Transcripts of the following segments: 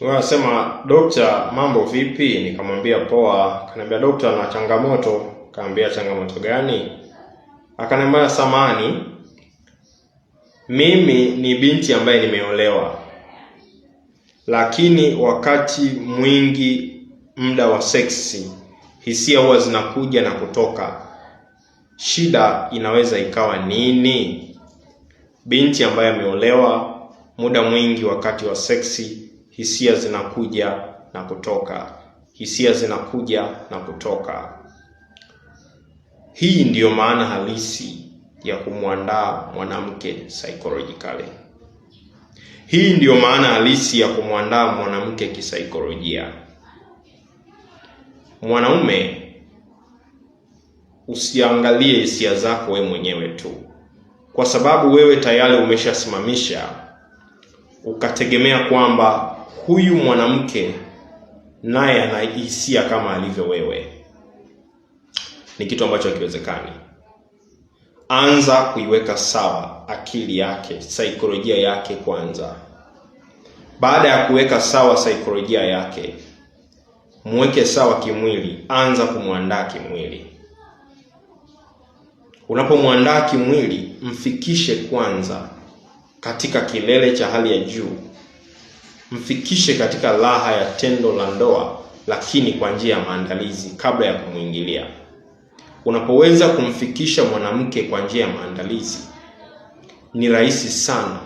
Anasema dokta, mambo vipi? Nikamwambia poa. Kaniambia dokta, na changamoto. Kaambia changamoto gani? Akaniambia samani, mimi ni binti ambaye nimeolewa, lakini wakati mwingi muda wa seksi hisia huwa zinakuja na kutoka. Shida inaweza ikawa nini? Binti ambaye ameolewa, muda mwingi wakati wa seksi hisia zinakuja na kutoka, hisia zinakuja na kutoka. Hii ndiyo maana halisi ya kumwandaa mwanamke psychologically. Hii ndiyo maana halisi ya kumwandaa mwanamke kisaikolojia. Mwanaume, usiangalie hisia zako wewe mwenyewe tu, kwa sababu wewe tayari umeshasimamisha ukategemea kwamba huyu mwanamke naye anahisia kama alivyo wewe. Ni kitu ambacho hakiwezekani. Anza kuiweka sawa akili yake, saikolojia yake kwanza. Baada ya kuweka sawa saikolojia yake, muweke sawa kimwili. Anza kumwandaa kimwili. Unapomwandaa kimwili, mfikishe kwanza katika kilele cha hali ya juu mfikishe katika raha ya tendo la ndoa, lakini kwa njia ya maandalizi kabla ya kumwingilia. Unapoweza kumfikisha mwanamke kwa njia ya maandalizi, ni rahisi sana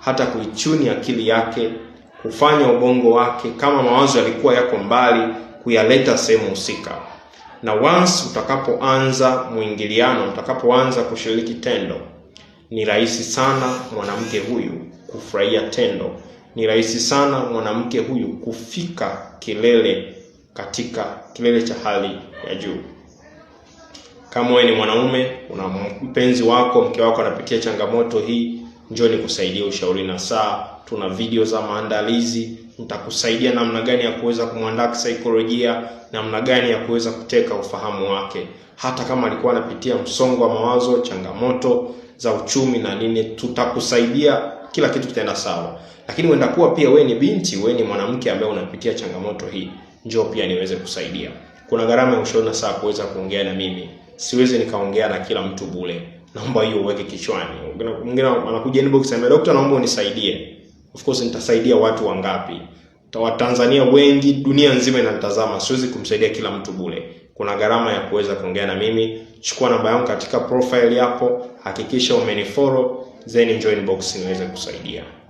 hata kuichuni akili yake, kufanya ubongo wake, kama mawazo yalikuwa yako mbali, kuyaleta sehemu husika. Na once utakapoanza mwingiliano, utakapoanza kushiriki tendo, ni rahisi sana mwanamke huyu kufurahia tendo ni rahisi sana mwanamke huyu kufika kilele katika kilele cha hali ya juu. Kama wewe ni mwanaume, una mpenzi wako, mke wako anapitia changamoto hii, njoo nikusaidie ushauri na saa. Tuna video za maandalizi, nitakusaidia namna gani ya kuweza kumwandaa kisaikolojia, namna gani ya kuweza kuteka ufahamu wake, hata kama alikuwa anapitia msongo wa mawazo, changamoto za uchumi na nini, tutakusaidia kila kitu kitaenda sawa. Lakini kuwa pia wewe ni binti, wewe ni mwanamke ambaye unapitia changamoto hii, njoo pia niweze kusaidia. Kuna gharama ya ushauri na saa kuweza kuongea na mimi, siwezi nikaongea na kila mtu bure. Naomba hiyo uweke kichwani. Mwingine anakuja inbox anasema, daktari, naomba unisaidie. Of course nitasaidia watu wangapi? Watanzania wengi, dunia nzima inanitazama, siwezi kumsaidia kila mtu bure. Kuna gharama ya kuweza kuongea na mimi. Chukua namba yangu katika profile hapo, hakikisha umenifollow then join box inaweza kusaidia.